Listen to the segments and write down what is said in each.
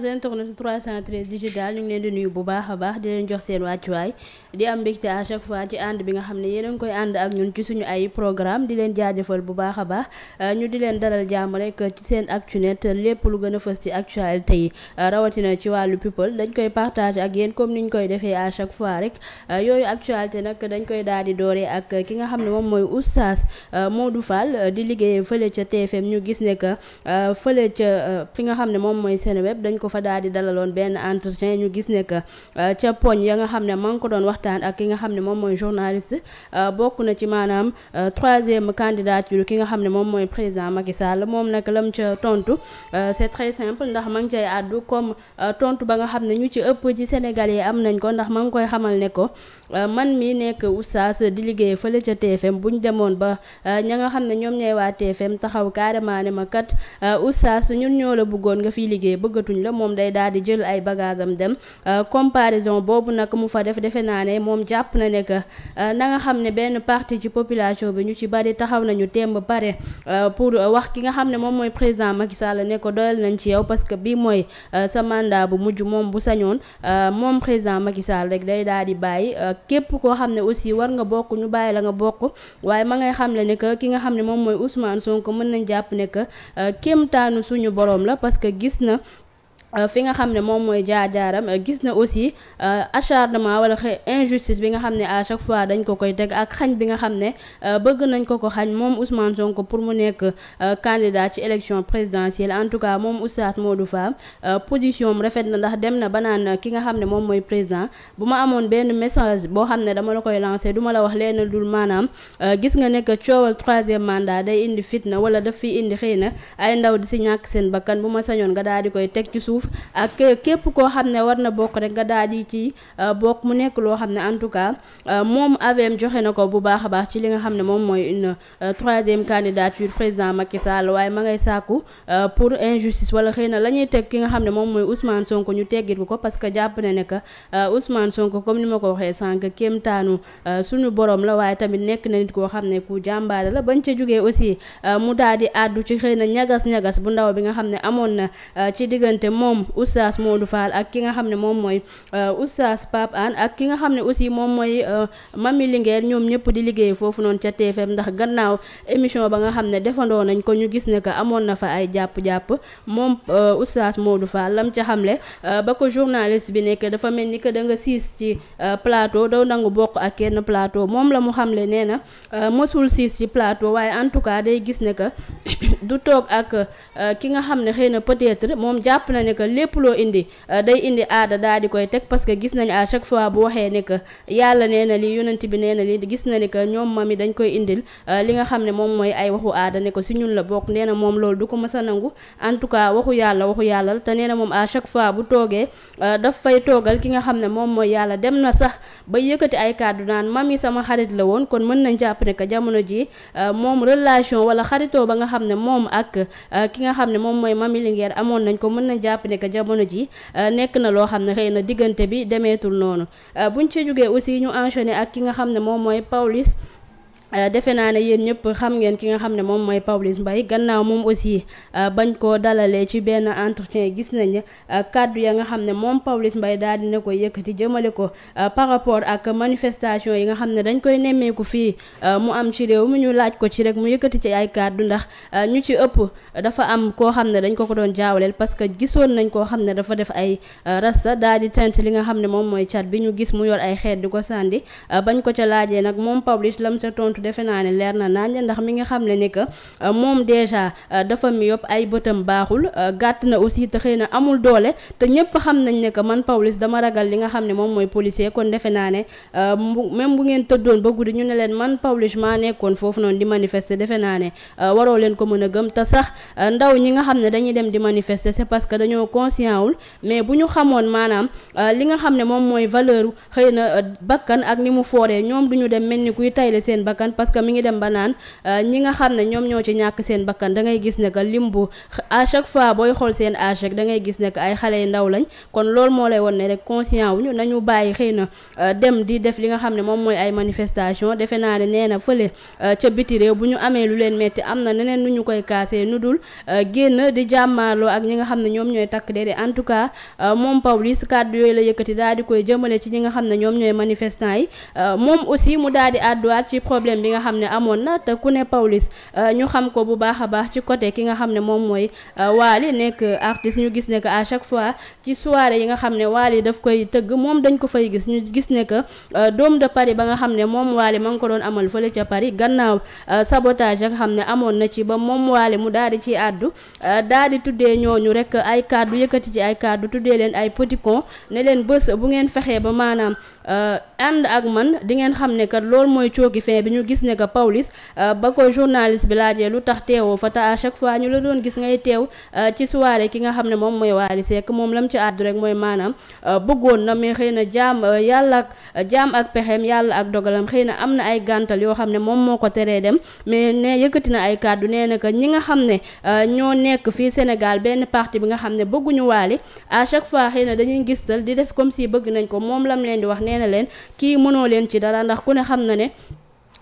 chers internautes 313 digital ñu ngi leen di nuyu bu baax a baax di leen jox seen wàccuwaay di am mbégte à chaque fois ci ànd bi nga xam ne yéen a ngi koy ànd ak ñun ci suñu ay programme di leen jaajëfal bu baax a baax euh, ñu di leen dalal jàmm rek ci seen actunet lépp lu gën a fës ci actualité yi euh, rawatina ci wàllu people dañ koy partager ak yéen comme ni ñu koy defee à chaque fois rek euh, yooyu actualité nag dañ koy daal dooree ak ki nga xam ne moom mooy oustaz Modou Fall di liggéey fële ca TFM ñu gis ne que fële fa daal di dalaloon benn entretien ñu gis ne euh, ca poñ ya nga xam ne maa ko doon waxtaan ak ki nga xam ne moom mooy journaliste euh, bokk na ci maanaam euh, troisième candidature ki nga xam ne moom mooy président Macky Sall moom nag lam ca tontu c'est très simple ndax ma ngi cay àddu kom tontu ba nga xam ne ñu ci ëpp ci Sénégal yi am nañ ko ndax ma ngi koy xamal ne ko man mi nekk oustaz di liggéey fële ca TFM buñ demoon ba ña nga xam ne ñoom ñooy waa TFM taxaw carrément ne ma kat oustaz ñun nga moom day daal di jël ay bagage am dem euh, comparaison boobu nag mu fa def defe naa ne moom jàpp na ne que euh, na nga xam ne benn parti ci population bi ñu ci bari taxaw nañu temb pare euh, pour wax ki nga xam ne moom mooy président Macky Sall ne ko doyal nañ ci yow parce que bii mooy sa bu mujj moom bu sañoon moom président Macky Sall rek day daal di bàyyi képp koo xam ne aussi war nga bokk ñu bàyyi la nga bokk waaye ma xam le ne ki nga xam ne moom mooy Ousmane Sonko mën nañ jàpp ne que kéemtaanu suñu borom la parce gis na Euh, fi nga xam ne moom mooy jaar-jaaram euh, gis na aussi euh, acharnement wala xëy injustice bi nga xam ne à chaque fois dañ ko koy teg ak xañ bi nga xam ne bëgg nañ ko ko xañ moom Ousmane ko pour mu nekk candidat ci élection présidentielle en tout cas moom Oustaz Modou Fall position mu rafet na ndax dem na ba naan ki nga xam ne moom mooy président bu ma amoon benn message boo xam ne dama la koy lancé du la wax leen dul maanaam gis nga nekk coowal troisième mandat day indi fitna wala daf fi indi xëy na ay ndaw di si ñàkk seen bakkan bu ma sañoon nga daal di koy teg ci suuf suuf ak képp koo xam ne war na bokk rek nga daal di ci euh, bokk mu nekk loo xam ne en tout cas euh, moom AVM joxe na ko bu baax a baax ci li nga xam ne moom mooy une euh, troisième candidature président Macky Sall waaye ma ngay pour injustice wala xëy na la ñuy teg ki nga xam ne moom mooy Ousmane Sonko ñu teggit ko parce que jàpp na ne que Ousmane Sonko comme ni ma ko waxee sànq kéemtaanu suñu boroom la waaye tamit nekk na nit koo xam ne ku jàmbaare la ba bañ ca jógee aussi mu daal di àddu ci xëy na ñagas ñagas bu ndaw bi nga xam ne amoon na ci diggante moom oustaz Modou Fall ak ki nga xam ne moom mooy euh, oustaz Pape Anne ak ki nga xam ne aussi moom mooy euh, mami ñoom ñëpp di liggéey foofu noonu ca TFM ndax gannaaw émission ba nga xam ne defandoo nañ ko ñu gis ne que amoon na fa ay jàpp-jàpp moom euh, oustaz Modou Fall lam ca xamle ba ko journaliste bi nekk dafa mel ni que da nga siis ci plateau nangu bokk ak kenn plateau moom la mu xamle nee na mësul siis ci plateau waaye en tout cas day gis ne du toog ak ki nga xam ne xëy na peut moom jàpp na ne que lépp loo indi euh, day indi aada daal di koy teg parce gis nañ à chaque fois bu waxee ne que yàlla nee na lii yonent bi nee na ni ñoom mami dañ koy indil euh, li nga xam ne moom mooy ay waxu ko si ñun la bokk nee na moom loolu du ko mës a nangu en tout cas waxu yàlla waxu yàlla te na moom à fois bu toogee euh, daf fay toogal ki nga xam ne moom mooy yàlla dem na sax ba yëkkati ay kàddu naan mami sama xarit la woon kon mën nañ jàpp ne jamono ji moom relation wala xaritoo ba nga xam ne moom ak ki nga xam ne moom mooy mami Linguère amoon nañ ko mën nañ jàpp ne que jamono ji euh, nekk na loo xam ne xëy na diggante bi demeetul noonu euh, buñ ci jógee aussi ñu enchaîner ak ki nga xam ne moom mooy Pawlish Euh, defe naa ne yéen ñëpp xam ngeen ki nga xam ne moom mooy Pawlish Mbaye gannaaw moom aussi euh, bañ koo dalalee ci benn entretien gis nañ euh, kàddu ya nga xam ne moom Pawlish Mbaye daal dina ko yëkkati jëmale ko par rapport ak manifestation yi nga xam ne dañ koy nemmeeku fii mu am ci réew mi ñu laaj ko ci rek mu yëkkati ci ay kàddu ndax ñu ci ëpp dafa am koo xam ne dañ ko ko doon jaawaleel parce que gisoon nañ koo xam ne dafa def ay rasta daal di tent li nga xam ne moom mooy cat bi ñu gis mu yor ay xeet di ko sàndi bañ ko ca laajee nag moom Pawlish lam sa tontu defe naa ne leer na naañ ndax mi nga xam ne ni que euh, moom déjà euh, dafa mi yóbbu ay bëtam baaxul euh, gàtt na aussi te xëy na amul doole te ñëpp xam nañ ne que man Pawlish dama ragal li nga xam ne moom mooy policier kon defe naa ne même bu ngeen tëddoon ba guddi ñu ne leen man Pawlish nekkoon foofu noonu di manifester defe naa ne waroo leen ko mën a gëm te sax ndaw ñi nga xam ne dañuy dem di manifester c'est parce que dañoo conscient wul mais bu ñu xamoon maanaam li nga xam ne moom mooy valeur xëy na bakkan ak ni mu fooree ñoom duñu dem mel ni kuy tayle seen bakkan bakkan parce que mi ngi dem ba naan euh, ñi nga xam ne ñoom ñoo ci ñàkk seen bakkan da ngay gis ne que fois booy xool seen âge rek da ngay ne que xale yu ndaw lañ kon loolu moo lay won ne rek conscient wuñu nañu bàyyi xëy na euh, dem di def li nga xam ne moom mooy ay manifestation defe naa ne nee na fële euh, ca biti réew bu ñu amee lu leen metti am na neneen nu ñu koy kaasee nu dul génn di jàmmaarloo ak ñi nga xam ne ñoom ñooy takk déedéet en tout cas moom Pawlish kàddu yooyu la yëkkati daal di koy jëmale ci ñi nga xam ne ñoom ñooy manifestant yi moom aussi mu daal di ci problème problème bi nga xam ne amoon na te ku ne Pawlish euh, ñu xam ko bu baax a baax ci cooté ki nga xam ne moom mooy euh, Wally nekk artiste ñu gis ne que à chaque fois ci soirée yi nga xam ne Wally daf koy tëgg moom dañ ko fay gis ñu gis ne que euh, Dôme de Paris ba nga xam ne moom Wally ma ngi ko doon amal fële ca Paris gannaaw sabotage nga xam ne amoon na ci ba moom Wally mu daal di ci àddu daal di tuddee ñooñu rek ay kàddu yëkkati ci ay kàddu tuddee leen ay petit ne leen bés bu ngeen fexee ba maanaam ànd ak man di ngeen xam ne kat mooy cooki fin bi ñu gis ne que Pawlish euh, ba ko journaliste bi laajee lu tax teewoo fa te à chaque fois ñu la doon gis ngay teew euh, ci soirée ki nga xam ne moom mooy Wally Seck moom lam ci àddu rek mooy maanaam euh, bëggoon na xëy na jaam yàlla ak jaam ak yàlla ak dogalam xëy na am na ay gàntal yoo xam ne moom moo ko teree dem mais ne yëkkati na ay kàddu nee na que ñi nga xam ne ñoo nekk fii Sénégal benn parti bi nga xam ne bëgguñu Wally à chaque fois xëy na dañuy gis gistal di def comme si bëgg nañ ko moom lam leen di wax nee na leen kii mënoo leen ci dara ndax ku ne xam na ne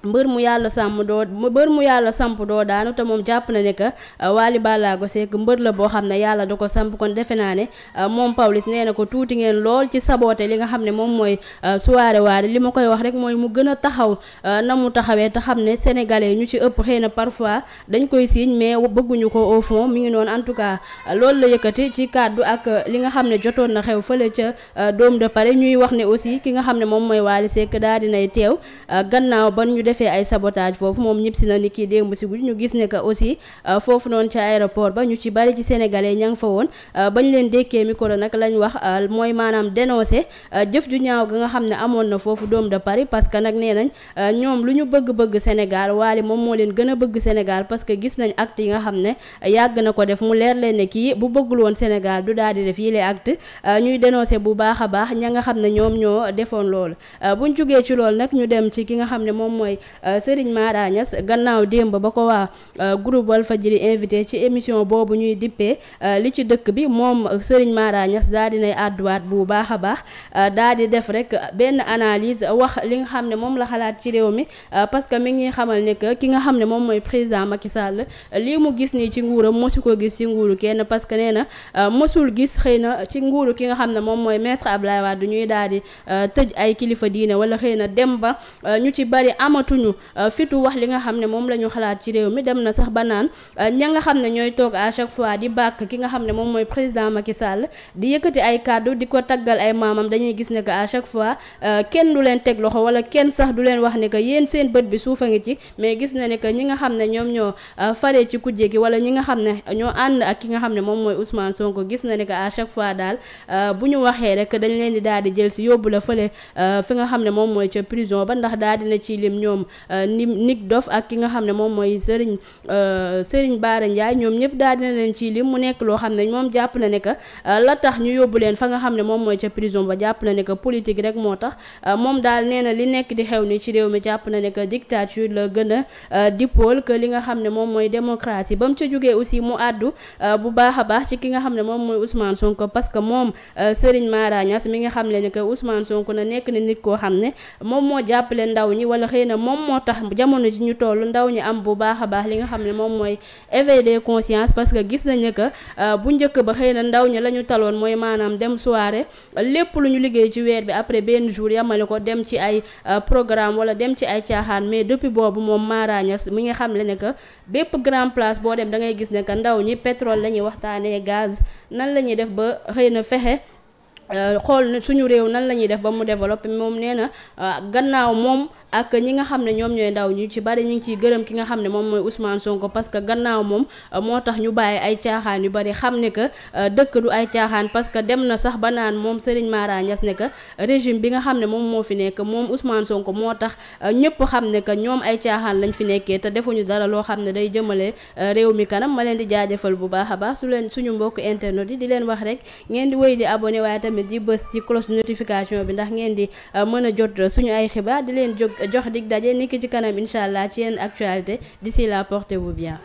mbër mu yàlla sàmm doo mbër mu yàlla samp doo daanu te moom jàpp na ne que euh, Waly Ballago Seck mbër la boo xam ne yàlla da ko samp kon defe naa ne euh, moom Pawlish nee na ko tuuti ngeen lool ci saboote li nga xam ne moom mooy euh, soirée waale li ma koy wax rek mooy mu gën a taxaw na mu taxawee te xam ne sénégalais ñu ci ëpp xëy na parfois dañ koy siiñ mais bëgguñu ko au fond mu ngi noonu en tout cas loolu la yëkkati ci kàddu ak li nga xam ne jotoon na xew fële ca doom de Paris ñuy wax ne aussi ki nga xam ne moom mooy Waly Seck daal dinay teew gannaaw defee ay sabotage foofu moom ñëpp si na ni kii démb si guddi ñu gis ne aussi euh, foofu noonu ci aéroport ba ñu ci bari ci sénégalais ña fa woon euh, bañ euh, ga xam ne amoon na foofu doom de Paris parce que nag nee nañ ñoom lu ñu bëgg-bëgg Sénégal waale moom moo leen gën a bëgg Sénégal parce que gis nañ acte yi nga xam ne yàgg na ko def mu leer leen ne kii bu bëggul woon Sénégal du daal di def yile acte ñuy dénoncé bu baax a baax ña nga xam ne ñoom ñoo defoon loolu buñ jugee ci loolu nag ñu dem ci ki nga xam ne moom mooy mooy euh, Serigne Mara gannaaw démb ba ko waa euh, fa jiri invité ci émission boobu ñuy dippee euh, li ci dëkk bi moom Serigne Mara Niass daa dinay àdduwaat bu baax a baax daa di def rek benn analise wax li nga xam ne moom la xalaat ci réew mi parce que mi ngi xamal ne que ki nga xam ne moom mooy président Macky Sall lii mu gis nii ci nguuram mosu ko gis ci nguuru kenn parce que nee na mosul gis xëy na ci nguuru ki nga xam ne moom mooy maître Abdoulaye du ñuy daal di tëj ay kilifa diine wala xëy na dem ba ñu ci bari amatu amatuñu euh, fitu wax li nga xam ne moom la ñu xalaat ci réew mi dem na sax ba naan euh, ña nga xam ne ñooy toog à chaque fois di bàkk ki nga xam ne moom mooy président Macky Sall di yëkkati ay kàddu di ko taggal ay maamam dañuy gis ne que à chaque fois euh, kenn du leen teg loxo wala kenn sax du leen wax ne que yéen seen bët bi suufa ngi ci mais gis na ne que ñi nga xam ne ñoom ñoo faree ci kujje gi wala ñi nga xam ne ñoo ànd ak ki nga xam ne moom mooy Ousmane Sonko gis na ne que à chaque fois ñu waxee rek dañ leen di daal di jël si yóbbu la fële fi nga xam ne moom mooy ca prison ba ndax daal ñoom euh, Nick Doff ak xam ne moom mooy Serigne euh, Serigne Bara Ndiaye ñoom daal dina leen ci lim mu nekk loo xam ne moom jàpp na ne que euh, la tax ñu yóbbu leen fa nga xam ne moom mooy ca prison ba jàpp na ne que politique rek daal nee na li nekk di xew ni ci réew mi jàpp na ne que dictature la gën li nga xam ne moom mooy démocratie ba mu ca jógee aussi mu àddu bu baax a baax ci ki nga xam ne moom mooy Ousmane Sonko parce que moom Serigne Mara Niass mi nga xam ne que Ousmane Sonko na nekk na nit koo xam ne moom moo jàppale ndaw ñi wala xëy na moom moo tax jamono ji ñu toll ndaw ñi am bu baax baax li nga xam ne moom mooy éveil des consciences parce que gis nañu que euh, bu njëkk ba xëy na ndaw ñi la ñu taloon mooy maanaam dem soirée lépp lu ñu liggéey ci weer bi après benn jour yamale ko dem ci ay euh, programme wala dem ci ay caaxaan mais depuis boobu moom maaraañas mi nga xam le ne que bépp grand place boo dem da ngay gis ne que ndaw ñi pétrole la ñuy waxtaanee gaz nan la ñuy def ba xëy na fexe euh, xool suñu réew nan la ñuy def ba mu développé ak ñi nga xam ne ñoom ñooy ndaw ñu ci bari ñu ngi ciy gërëm ki nga xam ne moom mooy Ousmane Sonko parce que gannaaw moom euh, moo tax ñu bàyyi ay caaxaan yu bari xam ne que euh, dëkk du ay caaxaan parce que dem na sax ba naan moom Serigne Mara Niass ne que régime bi nga xam ne moom moo fi nekk moom usmaan Sonko moo tax euh, ñëpp xam ne que ñoom ay caaxaan lañ fi nekkee te defuñu dara loo xam ne day jëmale réew mi kanam ma leen di jaajëfal bu baax a baax su leen suñu mbokk internet yi di leen wax rek ngeen di wéy di abonné waaye tamit di bës ci cloche notification bi ndax ngeen di mën a jot suñu ay xibaar di leen jóg jox dig daje niki ci kanam incha allah ci yenn actualité d'ici là porté vous bien.